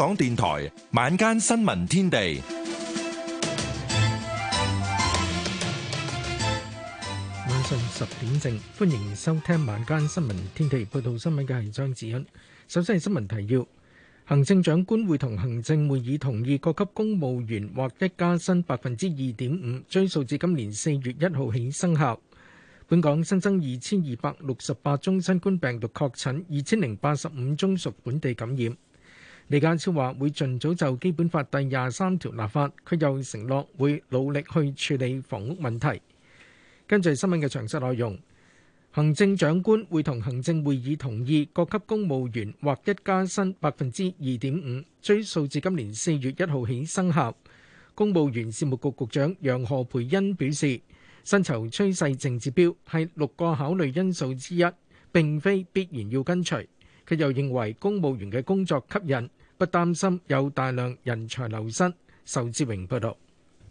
港電台晚間新聞天地。晚上十點正，歡迎收聽晚間新聞天地。報道新聞嘅係張子欣。首先係新聞提要：行政長官會同行政會議同意各級公務員獲一加薪百分之二點五，追溯至今年四月一號起生效。本港新增二千二百六十八宗新冠病毒確診，二千零八十五宗屬本地感染。李家超話會盡早就《基本法》第廿三條立法，佢又承諾會努力去處理房屋問題。根據新聞嘅詳細內容，行政長官會同行政會議同意各級公務員獲一加薪百分之二點五，追溯至今年四月一號起生效。公務員事務局局長楊何培恩表示，薪酬趨勢淨指標係六個考慮因素之一，並非必然要跟隨。佢又認為公務員嘅工作吸引，不擔心有大量人才流失。仇志榮報道，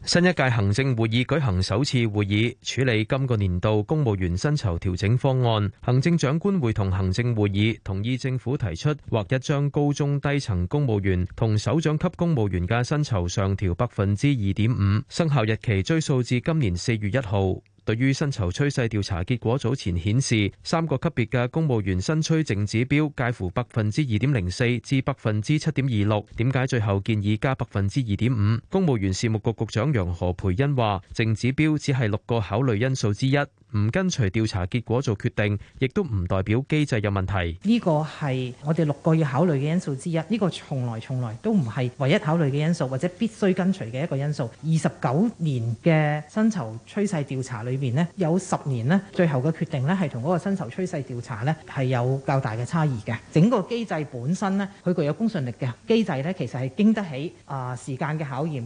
新一屆行政會議舉行首次會議，處理今個年度公務員薪酬調整方案。行政長官會同行政會議同意政府提出，劃一將高中低層公務員同首長級公務員嘅薪酬上調百分之二點五，生效日期追溯至今年四月一號。對於薪酬趨勢調查結果早前顯示，三個級別嘅公務員薪趨淨指標介乎百分之二點零四至百分之七點二六，點解最後建議加百分之二點五？公務員事務局局，局長楊何蓓茵話：淨指標只係六個考慮因素之一。唔跟隨調查結果做決定，亦都唔代表機制有問題。呢個係我哋六個要考慮嘅因素之一。呢個從來從來都唔係唯一考慮嘅因素，或者必須跟隨嘅一個因素。二十九年嘅薪酬趨勢調查裏邊咧，有十年咧，最後嘅決定咧係同嗰個薪酬趨勢調查咧係有較大嘅差異嘅。整個機制本身咧，佢具有公信力嘅機制咧，其實係經得起啊、呃、時間嘅考驗。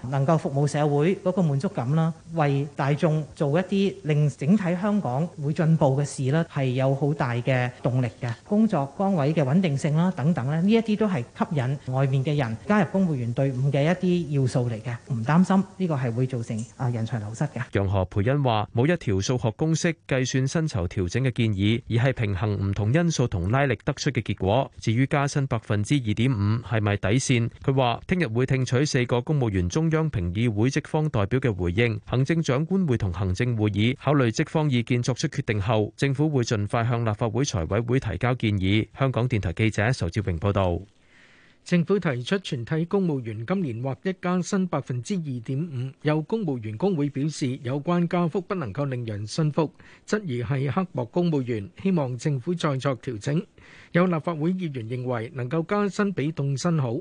能夠服務社會嗰個滿足感啦，為大眾做一啲令整體香港會進步嘅事啦，係有好大嘅動力嘅工作崗位嘅穩定性啦等等咧，呢一啲都係吸引外面嘅人加入公務員隊伍嘅一啲要素嚟嘅，唔擔心呢個係會造成啊人才流失嘅。楊何蓓茵話：冇一條數學公式計算薪酬調整嘅建議，而係平衡唔同因素同拉力得出嘅結果。至於加薪百分之二點五係咪底線？佢話聽日會聽取四個公務員中中央評議會職方代表嘅回應，行政長官會同行政會議考慮職方意見作出決定後，政府會盡快向立法會財委會提交建議。香港電台記者仇志榮報道。政府提出全體公務員今年或一加薪百分之二點五，有公務員工會表示有關加幅不能夠令人信服，質疑係刻薄公務員，希望政府再作調整。有立法會議員認為能夠加薪比凍薪好。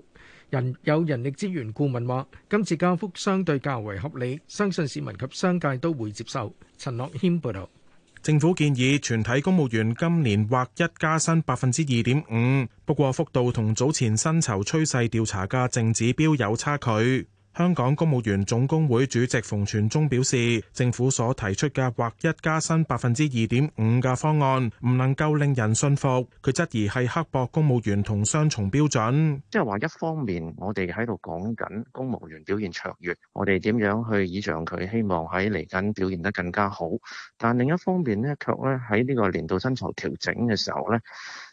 人有人力資源顧問話，今次加幅相對較為合理，相信市民及商界都會接受。陳樂謙報導，政府建議全體公務員今年劃一加薪百分之二點五，不過幅度同早前薪酬趨勢調查嘅正指標有差距。香港公務員總工會主席馮全忠表示，政府所提出嘅劃一加薪百分之二點五嘅方案，唔能夠令人信服。佢質疑係刻薄公務員同雙重標準，即係話一方面我哋喺度講緊公務員表現卓越，我哋點樣去倚仗佢，希望喺嚟緊表現得更加好，但另一方面呢卻咧喺呢個年度薪酬調整嘅時候呢。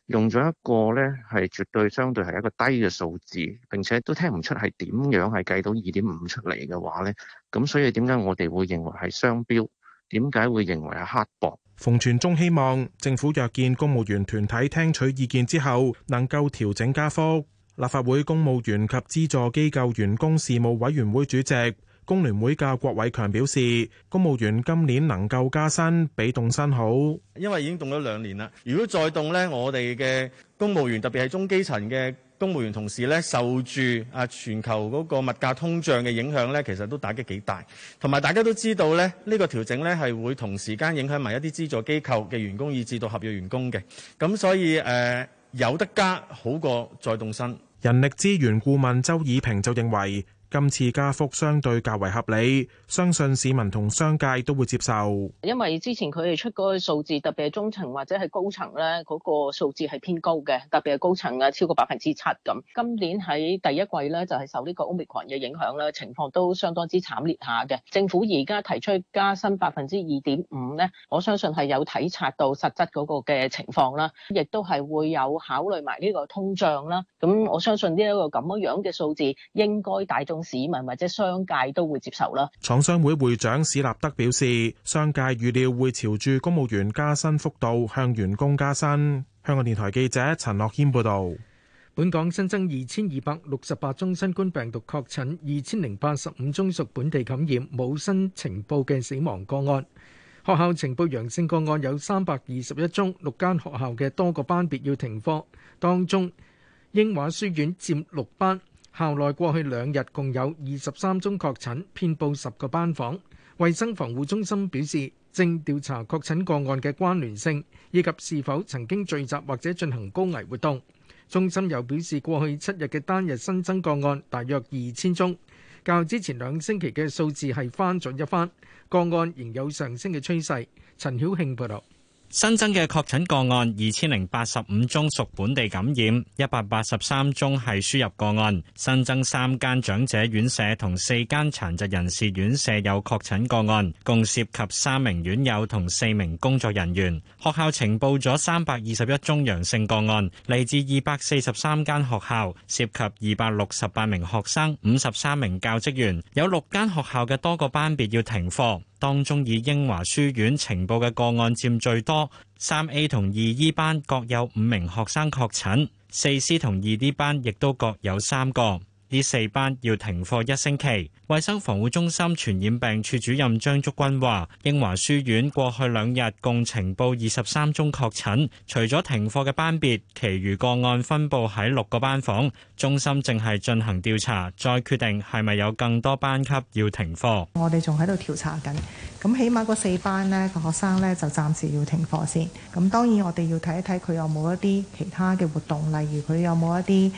用咗一個咧，係絕對相對係一個低嘅數字，並且都聽唔出係點樣係計到二點五出嚟嘅話咧，咁所以點解我哋會認為係雙標？點解會認為係刻薄？馮全忠希望政府約見公務員團體聽取意見之後，能夠調整加幅。立法會公務員及資助機構員工事務委員會主席。工聯會嘅郭偉強表示，公務員今年能夠加薪比凍薪好，因為已經凍咗兩年啦。如果再凍呢，我哋嘅公務員，特別係中基層嘅公務員同事呢，受住啊全球嗰個物價通脹嘅影響呢，其實都打擊幾大。同埋大家都知道呢，呢個調整呢係會同時間影響埋一啲資助機構嘅員工以至到合約員工嘅。咁所以誒、呃，有得加好過再凍薪。人力資源顧問周以平就認為。今次加幅相對較為合理，相信市民同商界都會接受。因為之前佢哋出嗰個數字，特別係中層或者係高層咧，嗰、那個數字係偏高嘅，特別係高層啊超過百分之七咁。今年喺第一季咧就係、是、受呢個 Omicron 嘅影響咧，情況都相當之慘烈下嘅。政府而家提出加薪百分之二點五咧，我相信係有體察到實質嗰個嘅情況啦，亦都係會有考慮埋呢個通脹啦。咁我相信呢一個咁樣樣嘅數字應該大眾。市民或者商界都會接受啦。廠商會會長史立德表示，商界預料會朝住公務員加薪幅度向員工加薪。香港電台記者陳樂謙報道，本港新增二千二百六十八宗新冠病毒確診，二千零八十五宗屬本地感染，冇新呈報嘅死亡個案。學校呈報陽性個案有三百二十一宗，六間學校嘅多個班別要停課，當中英華書院佔六班。校內過去兩日共有二十三宗確診，遍佈十個班房。衞生防護中心表示，正調查確診個案嘅關聯性，以及是否曾經聚集或者進行高危活動。中心又表示，過去七日嘅單日新增個案大約二千宗，較之前兩星期嘅數字係翻咗一番，個案仍有上升嘅趨勢。陳曉慶報道。新增嘅確診個案二千零八十五宗屬本地感染，一百八十三宗係輸入個案。新增三間長者院舍同四間殘疾人士院舍有確診個案，共涉及三名院友同四名工作人員。學校呈報咗三百二十一宗陽性個案，嚟自二百四十三間學校，涉及二百六十八名學生、五十三名教職員，有六間學校嘅多個班別要停課。當中以英華書院呈報嘅個案佔最多，三 A 同二 E 班，各有五名學生確診，四 C 同二 D 班，亦都各有三個。呢四班要停課一星期。衛生防護中心傳染病處主任張竹君話，英華書院過去兩日共呈報二十三宗確診，除咗停課嘅班別，其餘個案分佈喺六個班房。中心正係進行調查，再決定係咪有更多班級要停課。我哋仲喺度調查緊，咁起碼嗰四班呢個學生呢，就暫時要停課先。咁當然我哋要睇一睇佢有冇一啲其他嘅活動，例如佢有冇一啲，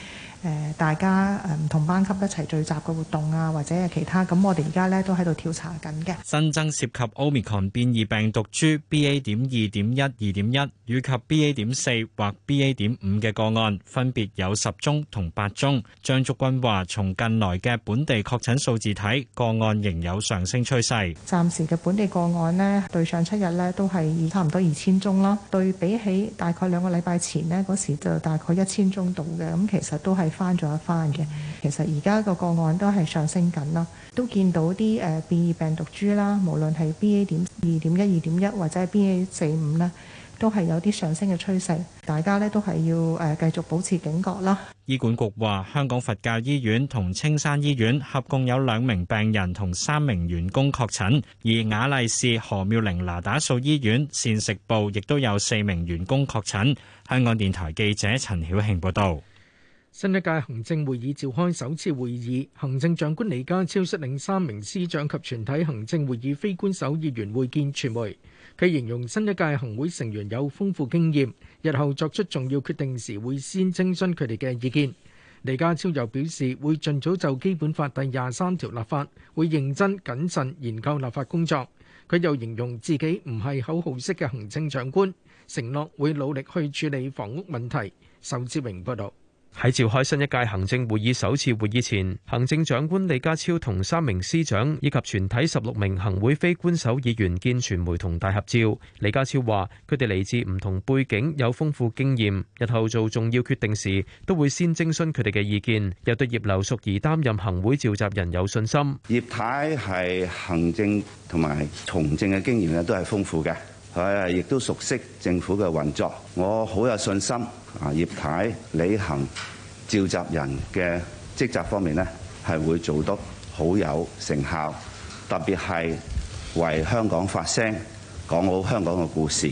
誒大家唔同班級一齊聚集嘅活動啊，或者係其他咁，我哋而家呢都喺度調查緊嘅。新增涉及 Omicron 變異病毒株 BA. 點二點一二點一以及 BA. 點四或 BA. 點五嘅個案，分別有十宗同八宗。張竹君話：從近來嘅本地確診數字睇，個案仍有上升趨勢。暫時嘅本地個案呢，對上七日呢都係差唔多二千宗啦。對比起大概兩個禮拜前呢，嗰時就大概一千宗度嘅，咁其實都係。翻咗一翻嘅，其實而家個個案都係上升緊啦，都見到啲誒變異病毒株啦，無論係 B A. 點二點一二點一或者係 B A. 四五啦，都係有啲上升嘅趨勢。大家呢都係要誒繼續保持警覺啦。醫管局話，香港佛教醫院同青山醫院合共有兩名病人同三名員工確診，而雅麗氏何妙齡那打素醫院膳食部亦都有四名員工確診。香港電台記者陳曉慶報道。新一屆行政會議召開首次會議，行政長官李家超率領三名司長及全體行政會議非官守議員會見傳媒。佢形容新一屆行會成員有豐富經驗，日後作出重要決定時會先徵詢佢哋嘅意見。李家超又表示會盡早就《基本法》第廿三條立法，會認真謹慎研究立法工作。佢又形容自己唔係口號式嘅行政長官，承諾會努力去處理房屋問題。仇志榮報道。喺召開新一屆行政會議首次會議前，行政長官李家超同三名司長以及全體十六名行會非官守議員見傳媒同大合照。李家超話：佢哋嚟自唔同背景，有豐富經驗，日後做重要決定時都會先徵詢佢哋嘅意見。又對葉劉淑儀擔任行會召集人有信心。葉太係行政同埋從政嘅經驗咧，都係豐富嘅。係，亦都熟悉政府嘅運作，我好有信心。啊，葉太履行召集人嘅職責方面咧，係會做得好有成效，特別係為香港發聲，講好香港嘅故事。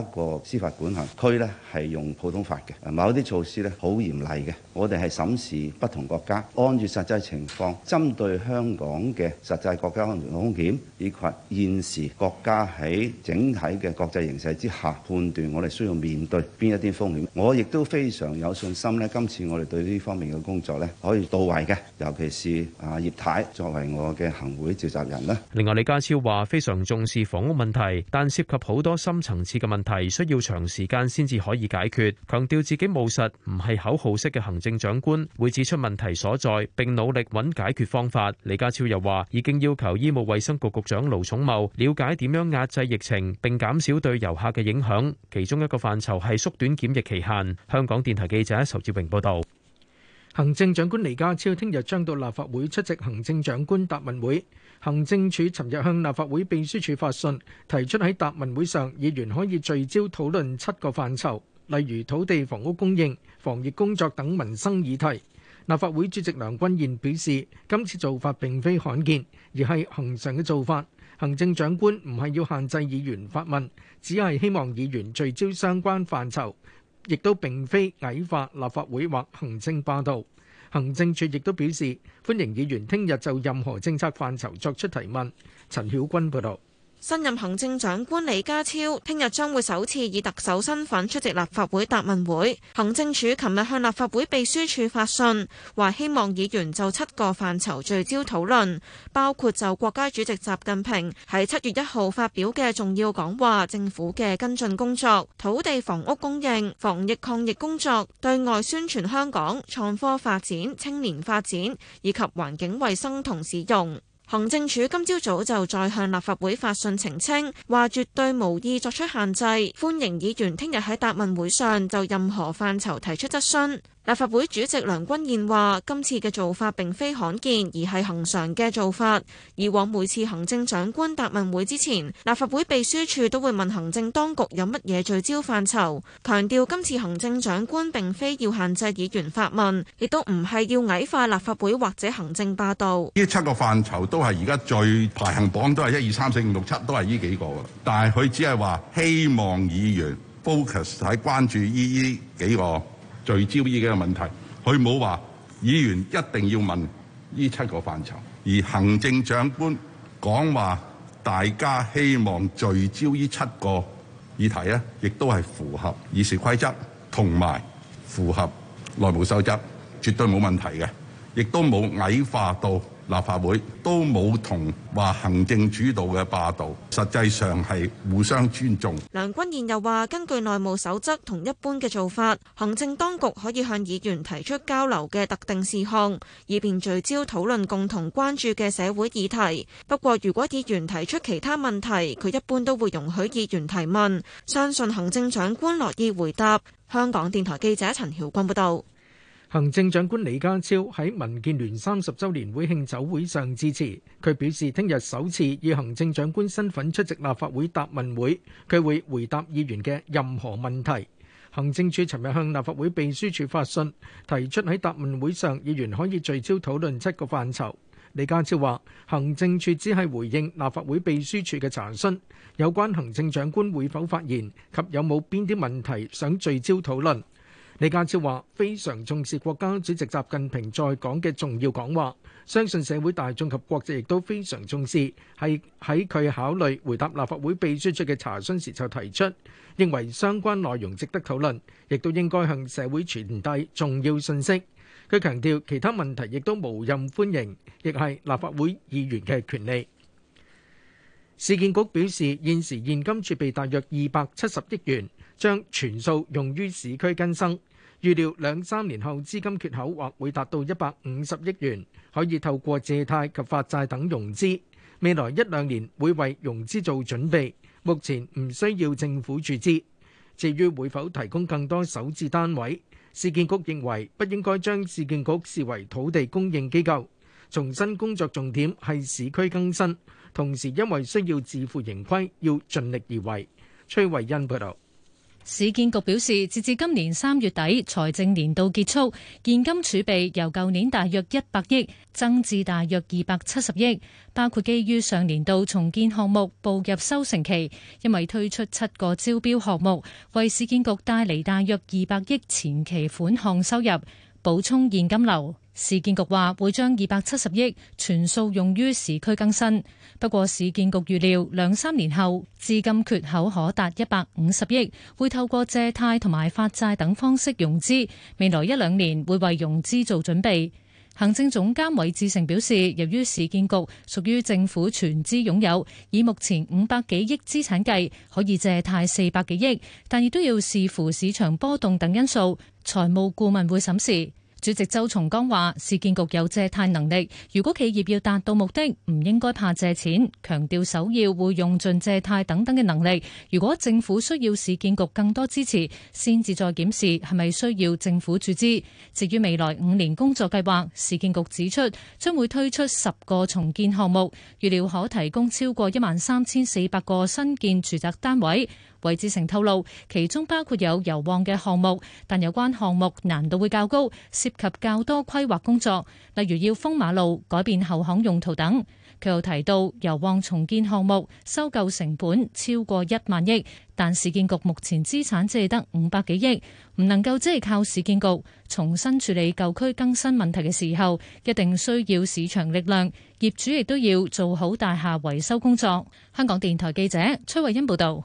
一個司法管轄區咧，係用普通法嘅。某啲措施咧，好嚴厲嘅。我哋係審視不同國家，按住實際情況，針對香港嘅實際國家安全風險，以及現時國家喺整體嘅國際形勢之下，判斷我哋需要面對邊一啲風險，我亦都非常有信心咧，今次我哋對呢方面嘅工作咧，可以到位嘅。尤其是啊葉太作為我嘅行會召集人啦，另外李家超話非常重視房屋問題，但涉及好多深層次嘅問題。提需要長時間先至可以解決，強調自己務實唔係口號式嘅行政長官，會指出問題所在並努力揾解決方法。李家超又話，已經要求醫務衛生局局長盧寵茂了解點樣壓制疫情並減少對遊客嘅影響，其中一個範疇係縮短檢疫期限。香港電台記者仇志榮報道。行政長官李家超聽日將到立法會出席行政長官答問會。行政署尋日向立法會秘書處發信，提出喺答問會上，議員可以聚焦討論七個範疇，例如土地、房屋供應、防疫工作等民生議題。立法會主席梁君彥表示，今次做法並非罕見，而係恒常嘅做法。行政長官唔係要限制議員發問，只係希望議員聚焦相關範疇。亦都並非矮化立法會或行政霸道，行政處亦都表示歡迎議員聽日就任何政策範疇作出提問，陳曉君報道。新任行政長官李家超聽日將會首次以特首身份出席立法會答問會。行政署琴日向立法會秘書處發信，話希望議員就七個範疇聚焦討論，包括就國家主席習近平喺七月一號發表嘅重要講話，政府嘅跟進工作、土地房屋供應、防疫抗疫工作、對外宣傳香港、創科發展、青年發展以及環境衞生同使用。行政處今朝早就再向立法會發信澄清，話絕對無意作出限制，歡迎議員聽日喺答問會上就任何範疇提出質詢。立法會主席梁君彥話：今次嘅做法並非罕見，而係恒常嘅做法。以往每次行政長官答問會之前，立法會秘書處都會問行政當局有乜嘢聚焦範疇，強調今次行政長官並非要限制議員發問，亦都唔係要矮化立法會或者行政霸道。呢七個範疇都係而家最排行榜都係一二三四五六七都係呢幾個㗎，但係佢只係話希望議員 focus 喺關注呢呢幾個。聚焦呢個問題，佢冇話議員一定要問呢七個範疇，而行政長官講話，大家希望聚焦呢七個議題咧，亦都係符合議事規則同埋符合內務守則，絕對冇問題嘅，亦都冇矮化到。立法會都冇同話行政主導嘅霸道，實際上係互相尊重。梁君彥又話：根據內務守則同一般嘅做法，行政當局可以向議員提出交流嘅特定事項，以便聚焦討論共同關注嘅社會議題。不過，如果議員提出其他問題，佢一般都會容許議員提問，相信行政長官樂意回答。香港電台記者陳曉君報道。行政長官李家超喺民建聯三十周年會慶酒會上致辭，佢表示聽日首次以行政長官身份出席立法會答問會，佢會回答議員嘅任何問題。行政處尋日向立法會秘書處發信，提出喺答問會上，議員可以聚焦討論七個範疇。李家超話：行政處只係回應立法會秘書處嘅查詢，有關行政長官會否發言及有冇邊啲問題想聚焦討論。李家超話非常重視國家主席習近平在港嘅重要講話，相信社會大衆及國際亦都非常重視，係喺佢考慮回答立法會秘書處嘅查詢時就提出，認為相關內容值得討論，亦都應該向社會傳遞重要信息。佢強調其他問題亦都無任歡迎，亦係立法會議員嘅權利。市建局表示，現時現金儲備大約二百七十億元，將全數用於市區更新，預料兩三年後資金缺口或會達到一百五十億元，可以透過借貸及發債等融資。未來一兩年會為融資做準備，目前唔需要政府注資。至於會否提供更多首置單位，市建局認為不應該將市建局視為土地供應機構，重申工作重點係市區更新，同時因為需要自負盈虧，要盡力而為。崔慧欣報導。市建局表示，截至今年三月底，財政年度結束，現金儲備由舊年大約一百億增至大約二百七十億，包括基於上年度重建項目步入收成期，因為推出七個招標項目，為市建局帶嚟大約二百億前期款項收入。補充現金流，市建局話會將二百七十億全數用於市區更新。不過市建局預料兩三年後資金缺口可達一百五十億，會透過借貸同埋發債等方式融資。未來一兩年會為融資做準備。行政總監韋志成表示，由於市建局屬於政府全資擁有，以目前五百幾億資產計，可以借貸四百幾億，但亦都要視乎市場波動等因素，財務顧問會審視。主席周松江話市建局有借貸能力，如果企業要達到目的，唔應該怕借錢，強調首要會用盡借貸等等嘅能力。如果政府需要市建局更多支持，先至再檢視係咪需要政府注資。至於未來五年工作計劃，市建局指出將會推出十個重建項目，預料可提供超過一萬三千四百個新建住宅單位。韋志成透露，其中包括有油旺嘅項目，但有關項目難度會較高，涉及較多規劃工作，例如要封馬路、改變後巷用途等。佢又提到，油旺重建項目收購成本超過一萬億，但市建局目前資產借得五百幾億，唔能夠只係靠市建局重新處理舊區更新問題嘅時候，一定需要市場力量，業主亦都要做好大廈維修工作。香港電台記者崔慧欣報道。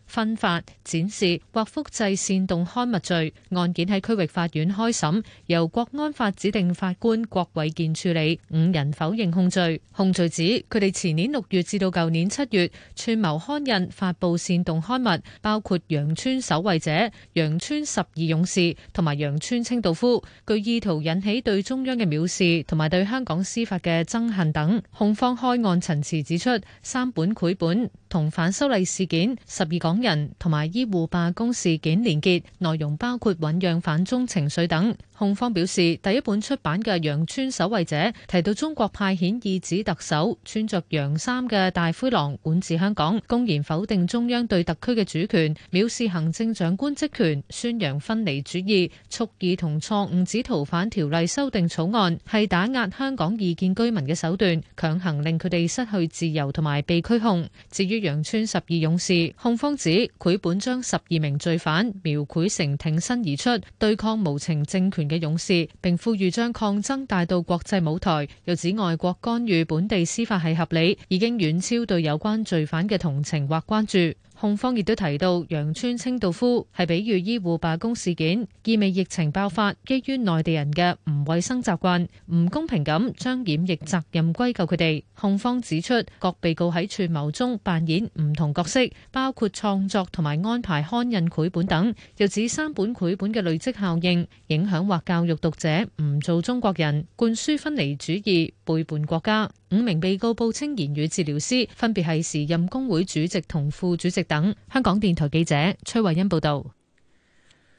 分發、展示或複製煽動刊物罪案件喺區域法院開審，由國安法指定法官郭偉健處理。五人否認控罪，控罪指佢哋前年六月至到舊年七月串謀刊印、發佈煽動刊物，包括《羊村守衛者》《羊村十二勇士》同埋《羊村清道夫》，具意圖引起對中央嘅藐視同埋對香港司法嘅憎恨等。控方開案陳詞指出，三本繪本同反修例事件、十二港。人同埋醫護罷工事件連結，內容包括醞釀反中情緒等。控方表示，第一本出版嘅《羊村守衛者》提到中國派遣意指特首穿着羊衫嘅大灰狼管治香港，公然否定中央對特區嘅主權，藐視行政長官職權，宣揚分離主義，蓄意同錯誤指逃犯條例修訂草案係打壓香港異見居民嘅手段，強行令佢哋失去自由同埋被拘控。至於《羊村十二勇士》，控方指。繪本將十二名罪犯描繪成挺身而出對抗無情政權嘅勇士，並呼籲將抗爭帶到國際舞台。又指外國干預本地司法係合理，已經遠超對有關罪犯嘅同情或關注。控方亦都提到，楊川清道夫係比喻醫護罷工事件，意味疫情爆發，基於內地人嘅唔衛生習慣、唔公平咁，將染疫責任歸咎佢哋。控方指出，各被告喺串謀中扮演唔同角色，包括創。工作同埋安排刊印繪本等，又指三本繪本嘅累積效應，影響或教育讀者唔做中國人，灌輸分離主義，背叛國家。五名被告報稱，言語治療師分別係時任工會主席同副主席等。香港電台記者崔慧欣報道。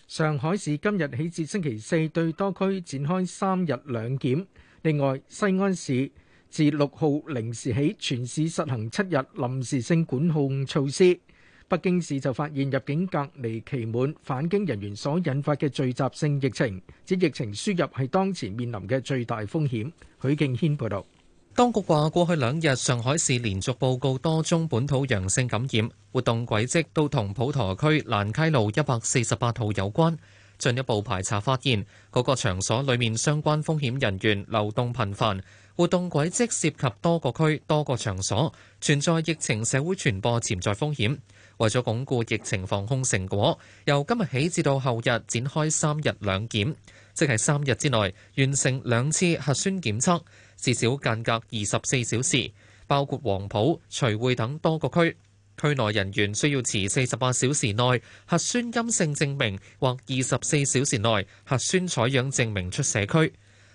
上海市今日起至星期四對多區展開三日兩檢，另外西安市自六號零時起全市實行七日臨時性管控措施。北京市就發現入境隔離期滿返京人員所引發嘅聚集性疫情，指疫情輸入係當前面臨嘅最大風險。許敬軒報道，當局話，過去兩日上海市連續報告多宗本土陽性感染，活動軌跡都同普陀區蘭溪路一百四十八號有關。進一步排查發現，嗰個場所裡面相關風險人員流動頻繁，活動軌跡涉及多個區多個場所，存在疫情社會傳播潛在風險。為咗鞏固疫情防控成果，由今日起至到後日展開三日兩檢，即係三日之內完成兩次核酸檢測，至少間隔二十四小時，包括黃埔、徐匯等多個區。區內人員需要持四十八小時內核酸陰性證明或二十四小時內核酸採樣證明出社區。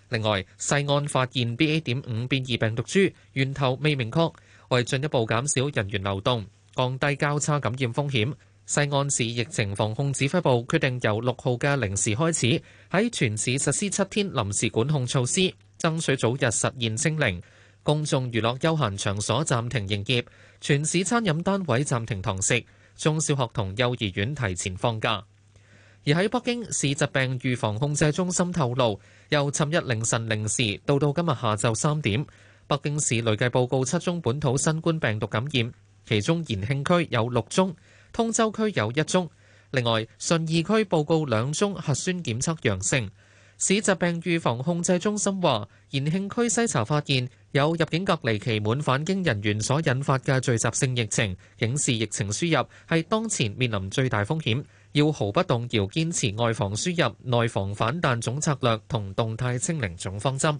另外，西岸發現 B. A. 點五變異病毒株源頭未明確，為進一步減少人員流動。降低交叉感染風險。西安市疫情防控指揮部決定由六號嘅零時開始，喺全市實施七天臨時管控措施，爭取早日實現清零。公眾娛樂休閒場所暫停營業，全市餐飲單位暫停堂食，中小學同幼兒園提前放假。而喺北京市疾病預防控制中心透露，由尋日凌晨零時到到今日下晝三點，北京市累計報告七宗本土新冠病毒感染。其中延慶區有六宗，通州區有一宗，另外順義區報告兩宗核酸檢測陽性。市疾病預防控制中心話，延慶區篩查發現有入境隔離期滿返京人員所引發嘅聚集性疫情，警示疫情輸入係當前面臨最大風險，要毫不動搖堅持外防輸入、內防反彈總策略同動態清零總方針。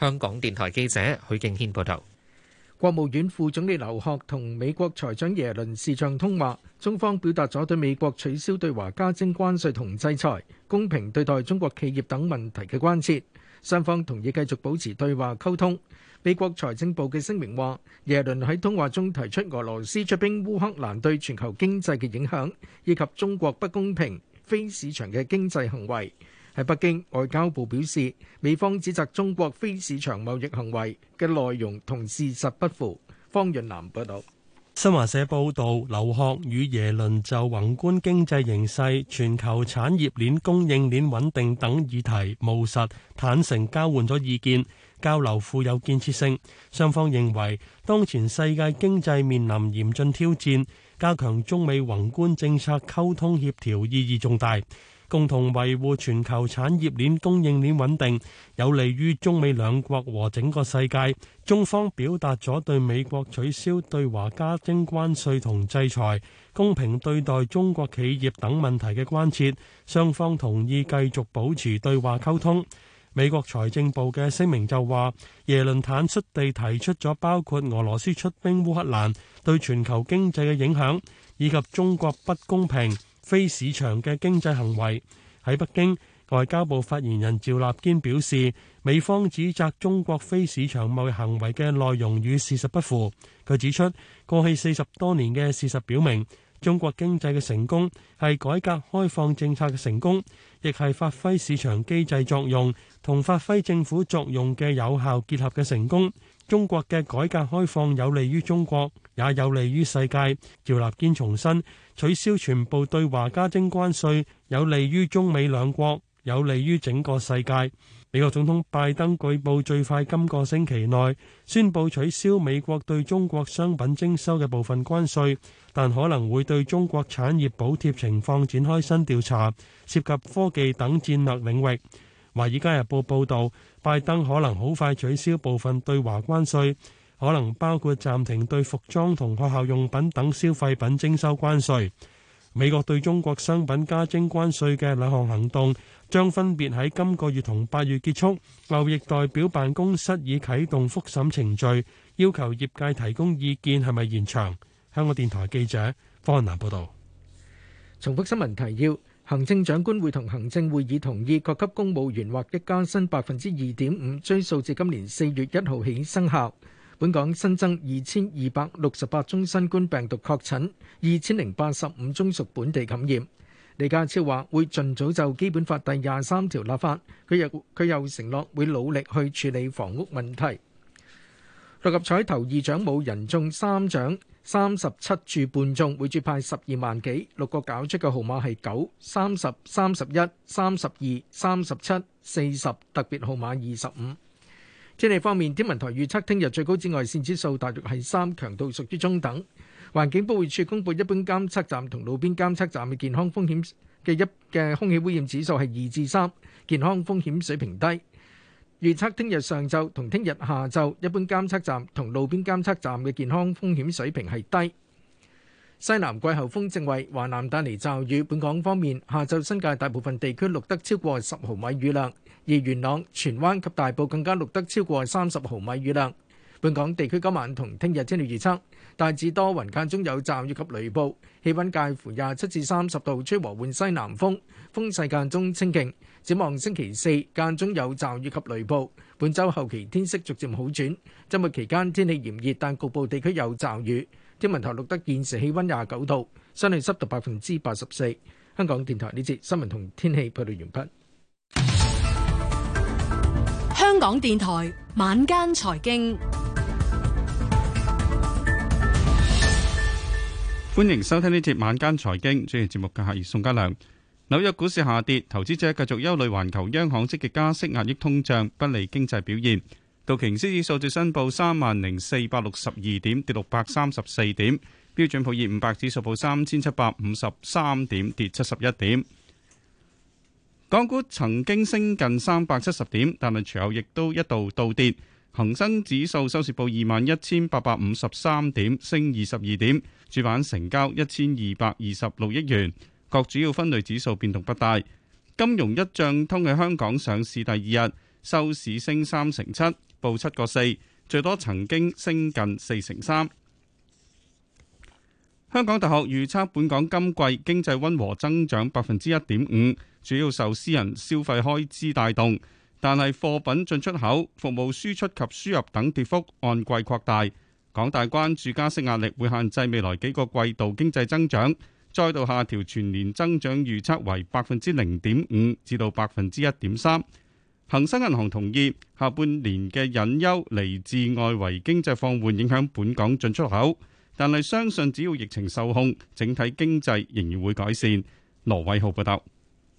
香港電台記者許敬軒報道。國務院副總理劉鶴同美國財長耶倫視像通話，中方表達咗對美國取消對華加徵關稅同制裁，公平對待中國企業等問題嘅關切，雙方同意繼續保持對話溝通。美國財政部嘅聲明話，耶倫喺通話中提出俄羅斯出兵烏克蘭對全球經濟嘅影響，以及中國不公平，非市場嘅經濟行為。喺北京，外交部表示，美方指責中國非市場貿易行為嘅內容同事實不符。方潤南報道。新華社報道，劉鶴與耶倫就宏觀經濟形勢、全球產業鏈供應鏈穩定等議題，務實坦誠交換咗意見，交流富有建設性。雙方認為，當前世界經濟面臨嚴峻挑戰，加強中美宏觀政策溝通協調意義重大。共同維護全球產業鏈供應鏈穩定，有利於中美兩國和整個世界。中方表達咗對美國取消對華加徵關稅同制裁、公平對待中國企業等問題嘅關切，雙方同意繼續保持對話溝通。美國財政部嘅聲明就話，耶倫坦率地提出咗包括俄羅斯出兵烏克蘭對全球經濟嘅影響，以及中國不公平非市場嘅經濟行為。喺北京外交部發言人趙立堅表示，美方指責中國非市場貿易行為嘅內容與事實不符。佢指出，過去四十多年嘅事實表明，中國經濟嘅成功係改革開放政策嘅成功，亦係發揮市場機制作用同發揮政府作用嘅有效結合嘅成功。中國嘅改革開放有利於中國，也有利於世界。趙立堅重申，取消全部對華加徵關稅有利於中美兩國，有利於整個世界。美國總統拜登據報最快今個星期內宣布取消美國對中國商品徵收嘅部分關稅，但可能會對中國產業補貼情況展開新調查，涉及科技等戰略領域。《華爾街日報》報道，拜登可能好快取消部分對華關稅，可能包括暫停對服裝同學校用品等消費品徵收關稅。美國對中國商品加徵關稅嘅兩項行動將分別喺今個月同八月結束。貿易代表辦公室已啟動複審程序，要求業界提供意見係咪延長。香港電台記者方南報道。重複新聞提要。行政長官會同行政會議同意各級公務員獲一加薪百分之二點五，追溯至今年四月一號起生效。本港新增二千二百六十八宗新冠病毒確診，二千零八十五宗屬本地感染。李家超話會盡早就基本法第廿三條立法，佢又佢又承諾會努力去處理房屋問題。六合彩頭二獎冇人中三獎。三十七注半中，每注派十二萬幾。六個搞出嘅號碼係九、三十、三十一、三十二、三十七、四十。特別號碼二十五。天氣方面，天文台預測聽日最高紫外線指數大約係三，強度屬於中等。環境保護署公布，一般監測站同路邊監測站嘅健康風險嘅一嘅空氣污染指數係二至三，健康風險水平低。預測聽日上晝同聽日下晝，一般監測站同路邊監測站嘅健康風險水平係低。西南季候風正為華南帶嚟驟雨。本港方面，下晝新界大部分地區錄得超過十毫米雨量，而元朗、荃灣及大埔更加錄得超過三十毫米雨量。本港地區今晚同聽日天氣預測，大致多雲間中有驟雨及雷暴，氣溫介乎廿七至三十度，吹和緩西南風，風勢間中清勁。展望星期四，間中有驟雨及雷暴。本週後期天色逐漸好轉。週末期間天氣炎熱，但局部地區有驟雨。天文台錄得現時氣溫廿九度，相對濕度百分之八十四。香港電台呢節新聞同天氣報道完畢。香港電台晚間財經，歡迎收聽呢節晚間財經主持節目嘅客員宋家良。紐約股市下跌，投資者繼續憂慮環球央行積極加息壓抑通脹，不利經濟表現。道瓊斯指數最新報三萬零四百六十二點，跌六百三十四點；標準普爾五百指數報三千七百五十三點，跌七十一點。港股曾經升近三百七十點，但係隨後亦都一度倒跌。恒生指數收市報二萬一千八百五十三點，升二十二點。主板成交一千二百二十六億元。各主要分類指數變動不大，金融壹賬通喺香港上市第二日收市升三成七，報七個四，最多曾經升近四成三。香港大學預測本港今季經濟溫和增長百分之一點五，主要受私人消費開支帶動，但係貨品進出口、服務輸出及輸入等跌幅按季擴大。港大關注加息壓力會限制未來幾個季度經濟增長。再度下調全年增長預測為百分之零點五至到百分之一點三。恒生銀行同意下半年嘅隱憂嚟自外圍經濟放緩影響本港進出口，但係相信只要疫情受控，整體經濟仍然會改善。羅偉浩報道，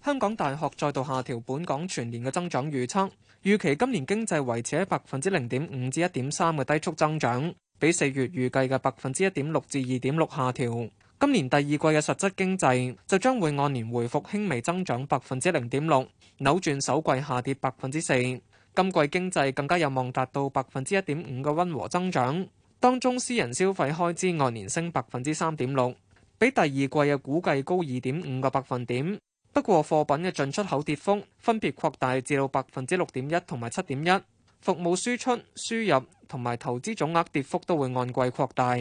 香港大學再度下調本港全年嘅增長預測，預期今年經濟維持喺百分之零點五至一點三嘅低速增長，比四月預計嘅百分之一點六至二點六下調。今年第二季嘅實質經濟就將會按年回復輕微增長百分之零點六，扭轉首季下跌百分之四。今季經濟更加有望達到百分之一點五嘅溫和增長。當中私人消費開支按年升百分之三點六，比第二季嘅估計高二點五個百分點。不過貨品嘅進出口跌幅分別擴大至到百分之六點一同埋七點一，服務輸出輸入同埋投資總額跌幅都會按季擴大。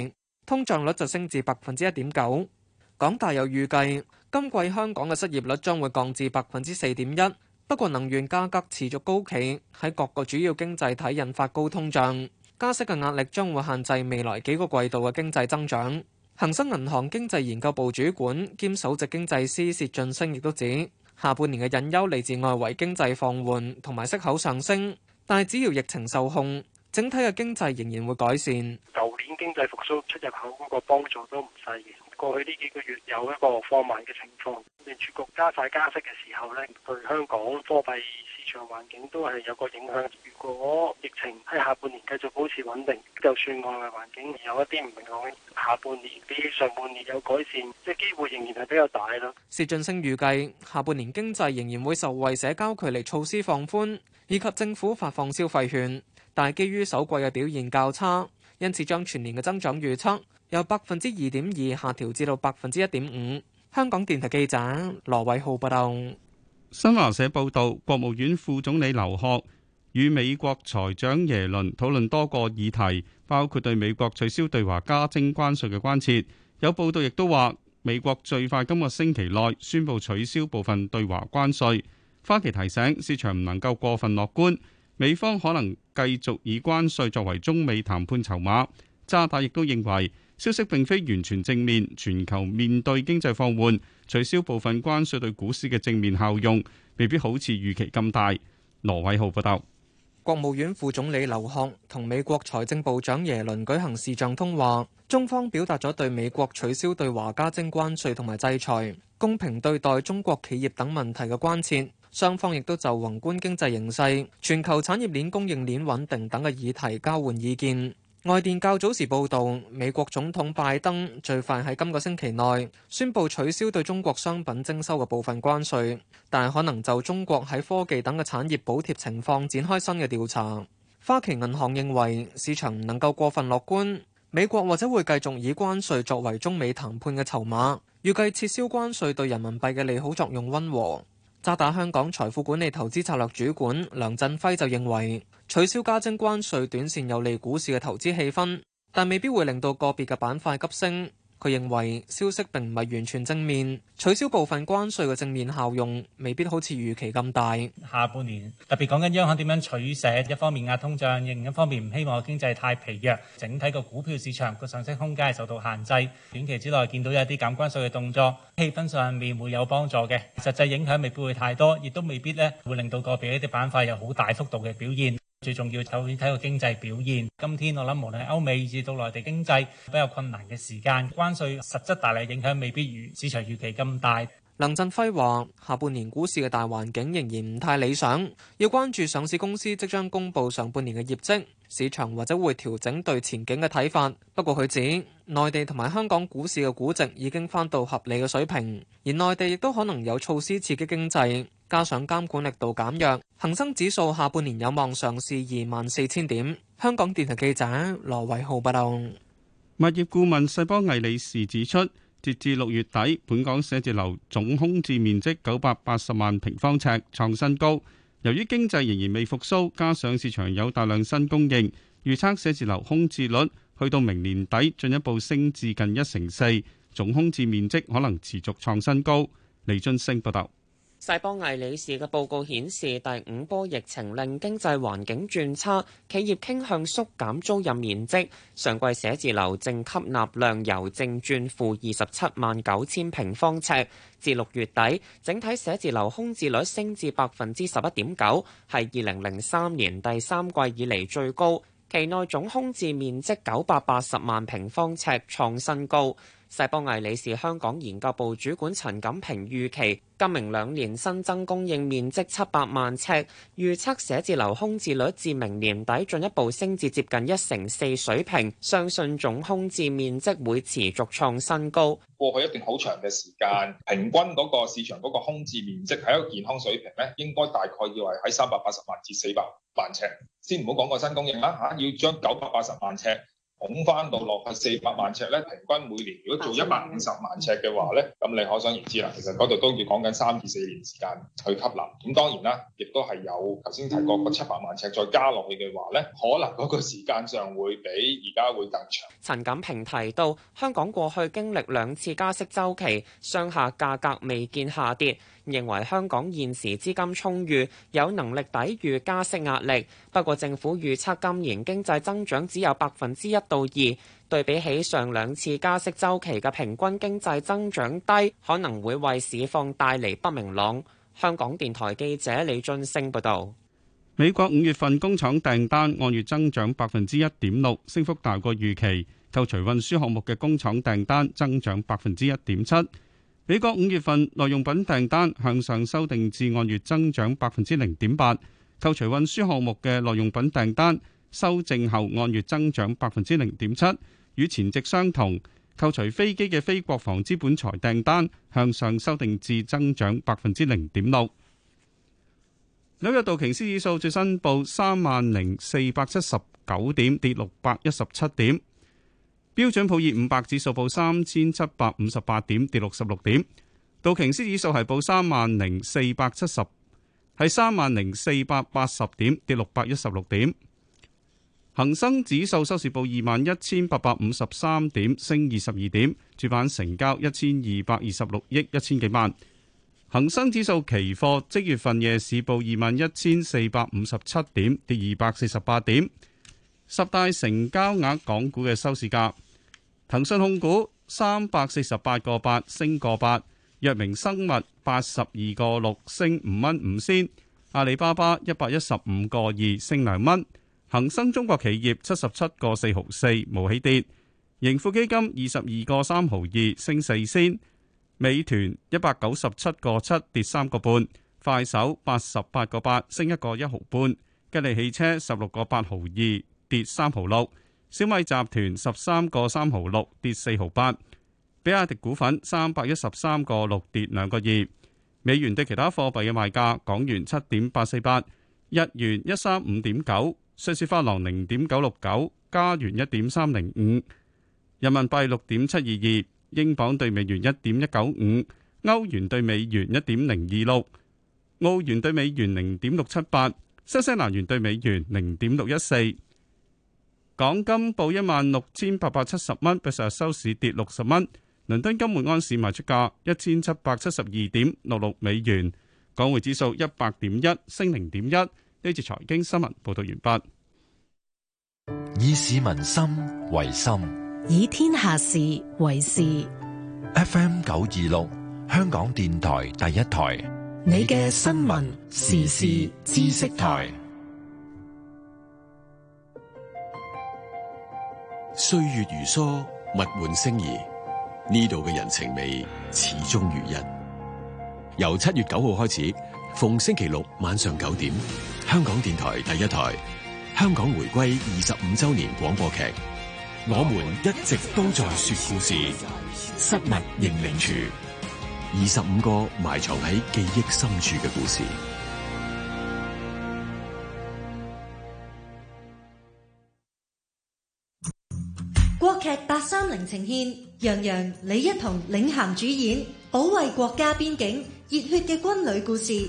通脹率就升至百分之一點九。港大又預計今季香港嘅失業率將會降至百分之四點一。不過能源價格持續高企，喺各個主要經濟體引發高通脹，加息嘅壓力將會限制未來幾個季度嘅經濟增長。恒生銀行經濟研究部主管兼首席經濟師薛俊升亦都指，下半年嘅隱憂嚟自外圍經濟放緩同埋息口上升，但係只要疫情受控。整體嘅經濟仍然會改善。舊年經濟復甦出入口嗰個幫助都唔細嘅。過去呢幾個月有一個放慢嘅情況。聯儲局加快加息嘅時候呢，對香港貨幣市場環境都係有個影響。如果疫情喺下半年繼續保持穩定，就算外圍環境有一啲唔明朗，下半年比上半年有改善，即係機會仍然係比較大咯。薛俊星預計下半年經濟仍然會受惠社交距離措施放寬，以及政府發放消費券。但係，基於首季嘅表現較差，因此將全年嘅增長預測由百分之二點二下調至到百分之一點五。香港電台記者羅偉浩報道。新華社報道，國務院副總理劉鶴與美國財長耶倫討論多個議題，包括對美國取消對華加徵關稅嘅關切。有報道亦都話美國最快今個星期內宣布取消部分對華關稅，花旗提醒市場唔能夠過分樂觀。美方可能繼續以關稅作為中美談判籌碼，渣打亦都認為消息並非完全正面。全球面對經濟放緩，取消部分關稅對股市嘅正面效用，未必好似預期咁大。羅偉浩報道。國務院副總理劉鶴同美國財政部長耶倫舉行視像通話，中方表達咗對美國取消對華加徵關稅同埋制裁、公平對待中國企業等問題嘅關切。雙方亦都就宏觀經濟形勢、全球產業鏈供應鏈穩定等嘅議題交換意見。外電較早時報道，美國總統拜登最快喺今個星期內宣布取消對中國商品徵收嘅部分關稅，但係可能就中國喺科技等嘅產業補貼情況展開新嘅調查。花旗銀行認為市場唔能夠過分樂觀，美國或者會繼續以關稅作為中美談判嘅籌碼，預計撤銷關稅對人民幣嘅利好作用温和。渣打香港財富管理投資策略主管梁振輝就認為，取消加徵關稅短線有利股市嘅投資氣氛，但未必會令到個別嘅板塊急升。佢認為消息並唔係完全正面，取消部分關稅嘅正面效用未必好似預期咁大。下半年特別講緊央行點樣取捨，一方面壓通脹，另一方面唔希望經濟太疲弱。整體個股票市場個上升空間係受到限制。短期之內見到有啲減關稅嘅動作，氣氛上面會有幫助嘅，實際影響未必會太多，亦都未必咧會令到個別一啲板塊有好大幅度嘅表現。最重要就睇個經濟表現，今天我諗無論係歐美至到內地經濟比較困難嘅時間，關稅實質大利影響未必如市場預期咁大。林振輝話下半年股市嘅大環境仍然唔太理想，要關注上市公司即將公布上半年嘅業績，市場或者會調整對前景嘅睇法。不過，佢指，內地同埋香港股市嘅估值已經翻到合理嘅水平，而內地亦都可能有措施刺激經濟。加上監管力度減弱，恒生指數下半年有望上試二萬四千點。香港電台記者羅偉浩報導。物業顧問世邦魏理士指出，截至六月底，本港寫字樓總空置面積九百八十萬平方尺，創新高。由於經濟仍然未復甦，加上市場有大量新供應，預測寫字樓空置率去到明年底進一步升至近一成四，總空置面積可能持續創新高。李津升報導。世邦魏理仕嘅報告顯示，第五波疫情令經濟環境轉差，企業傾向縮減租賃面積。上季寫字樓淨吸納量由正轉負二十七萬九千平方尺，至六月底，整體寫字樓空置率升至百分之十一點九，係二零零三年第三季以嚟最高。期內總空置面積九百八十萬平方尺創新高。世邦魏理仕香港研究部主管陳錦平預期今明兩年新增供應面積七百萬尺，預測寫字樓空置率至明年底進一步升至接近一成四水平，相信總空置面積會持續創新高。過去一段好長嘅時間，平均嗰個市場嗰個空置面積喺一個健康水平咧，應該大概要係喺三百八十萬至四百萬尺。先唔好講個新供應啦嚇，啊，要將九百八十萬尺。拱翻到落去四百萬尺咧，平均每年如果做一百五十萬尺嘅話咧，咁、嗯、你可想而知啦。其實嗰度都要講緊三至四年時間去吸納，咁當然啦，亦都係有頭先提過個七百萬尺再加落去嘅話咧，可能嗰個時間上會比而家會更長。陳錦平提到，香港過去經歷兩次加息周期，商廈價格未見下跌，認為香港現時資金充裕，有能力抵禦加息壓力。不過政府預測今年經濟增長只有百分之一。到二，對比起上兩次加息週期嘅平均經濟增長低，可能會為市況帶嚟不明朗。香港電台記者李津升報道：美國五月份工廠訂單按月增長百分之一點六，升幅大過預期。扣除運輸項目嘅工廠訂單增長百分之一點七。美國五月份耐用品訂單向上修訂至按月增長百分之零點八。扣除運輸項目嘅耐用品訂單。修正後按月增長百分之零點七，與前值相同。扣除飛機嘅非國防資本財訂單，向上修訂至增長百分之零點六。紐約道瓊斯指數最新報三萬零四百七十九點，跌六百一十七點。標準普爾五百指數報三千七百五十八點，跌六十六點。道瓊斯指數係報三萬零四百七十，係三萬零四百八十點，跌六百一十六點。恒生指數收市報二萬一千八百五十三點，升二十二點。主板成交一千二百二十六億一千幾萬。恒生指數期貨即月份夜市報二萬一千四百五十七點，跌二百四十八點。十大成交額港股嘅收市價：騰訊控股三百四十八個八，升個八；藥明生物八十二個六，升五蚊五仙；阿里巴巴一百一十五個二，升兩蚊。恒生中國企業七十七個四毫四，無起跌；盈富基金二十二個三毫二，升四仙；美團一百九十七個七，跌三個半；快手八十八個八，升一個一毫半；吉利汽車十六個八毫二，跌三毫六；小米集團十三個三毫六，跌四毫八；比亞迪股份三百一十三個六，跌兩個二。美元兌其他貨幣嘅賣價：港元七點八四八，日元一三五點九。瑞士法郎零點九六九，加元一點三零五，人民幣六點七二二，英鎊對美元一點一九五，歐元對美元一點零二六，澳元對美元零點六七八，新西蘭元對美元零點六一四。港金報一萬六千八百七十蚊，比上日收市跌六十蚊。倫敦金每安士賣出價一千七百七十二點六六美元，港匯指數一百點一升零點一。呢節財經新聞報道完畢，以市民心為心，以天下事為事。FM 九二六香港電台第一台，你嘅新聞時事知識台。歲月如梭，物換星移，呢度嘅人情味始終如一。由七月九號開始，逢星期六晚上九點。香港電台第一台《香港回歸二十五周年廣播劇》，我們一直都在說故事。失物認領處，二十五個埋藏喺記憶深處嘅故事。國劇八三零呈現，楊洋、洋、李一桐領銜主演，保衛國家邊境，熱血嘅軍旅故事。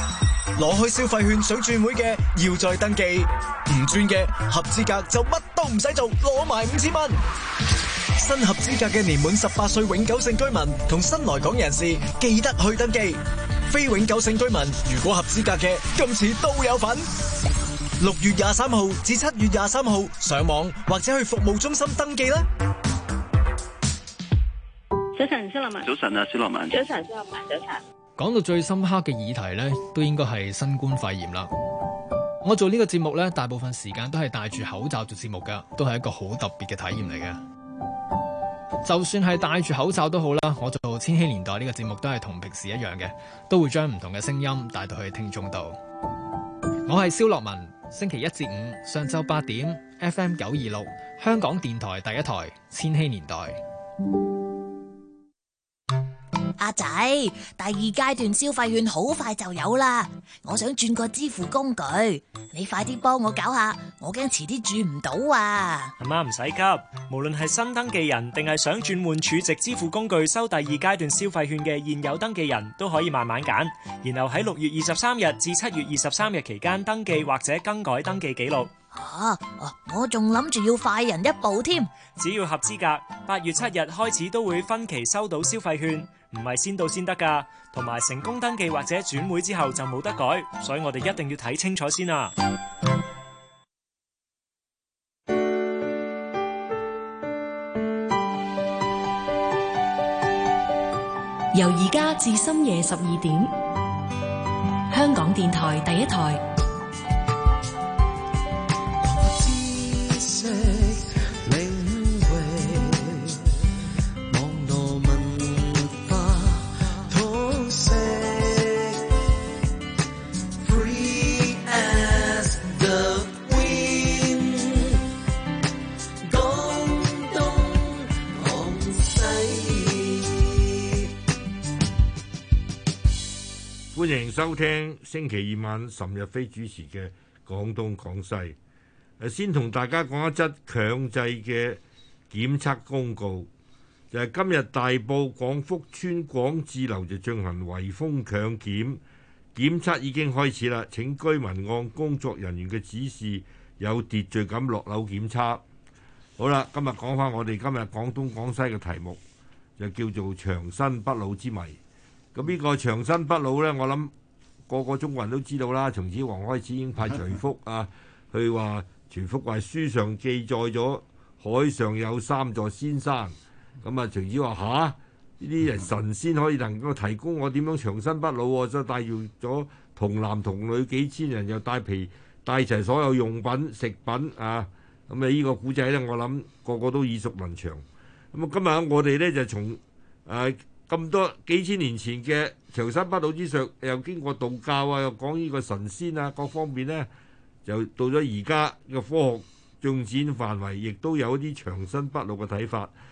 攞去消費券想轉會嘅，要再登記；唔轉嘅合資格就乜都唔使做，攞埋五千蚊。新合資格嘅年滿十八歲永久性居民同新來港人士記得去登記。非永久性居民如果合資格嘅，今次都有份。六月廿三號至七月廿三號上網或者去服務中心登記啦。早晨，小羅文。早晨啊，小羅曼。早晨，小羅文。早晨。講到最深刻嘅議題呢，都應該係新冠肺炎啦。我做呢個節目呢，大部分時間都係戴住口罩做節目噶，都係一個好特別嘅體驗嚟嘅。就算係戴住口罩都好啦，我做《千禧年代》呢個節目都係同平時一樣嘅，都會將唔同嘅聲音帶到去聽眾度。我係蕭樂文，星期一至五上晝八點，FM 九二六，香港電台第一台《千禧年代》。阿仔，第二階段消費券好快就有啦。我想轉個支付工具，你快啲幫我搞下，我驚遲啲轉唔到啊。阿媽唔使急，無論係新登記人定係想轉換儲值支付工具收第二階段消費券嘅現有登記人都可以慢慢揀，然後喺六月二十三日至七月二十三日期間登記或者更改登記記錄。吓，我仲諗住要快人一步添，只要合資格，八月七日開始都會分期收到消費券。唔係先到先得噶同埋成功登記或者轉會之後就冇得改，所以我哋一定要睇清楚先啊！由而家至深夜十二點，香港電台第一台。歡迎收聽星期二晚岑日飛主持嘅廣東廣西。先同大家講一則強制嘅檢測公告，就係、是、今日大埔廣福村廣智樓就進行圍封強檢，檢測已經開始啦。請居民按工作人員嘅指示，有秩序咁落樓檢測。好啦，今日講翻我哋今日廣東廣西嘅題目，就叫做長生不老之謎。咁呢個長生不老咧，我諗個個中國人都知道啦。秦始皇開始已經派徐福啊，去話徐福話書上記載咗海上有三座仙山。咁啊，秦始皇話吓，呢啲人神仙可以能夠提供我點樣長生不老啊？即係帶用咗童男童女幾千人，又帶皮帶齊所有用品、食品啊。咁啊，呢個古仔咧，我諗個個都耳熟能詳。咁啊，今日我哋咧就從誒。啊咁多幾千年前嘅長生不老之術，又經過道教啊，又講呢個神仙啊，各方面呢，就到咗而家嘅科學進展範圍，亦都有一啲長生不老嘅睇法。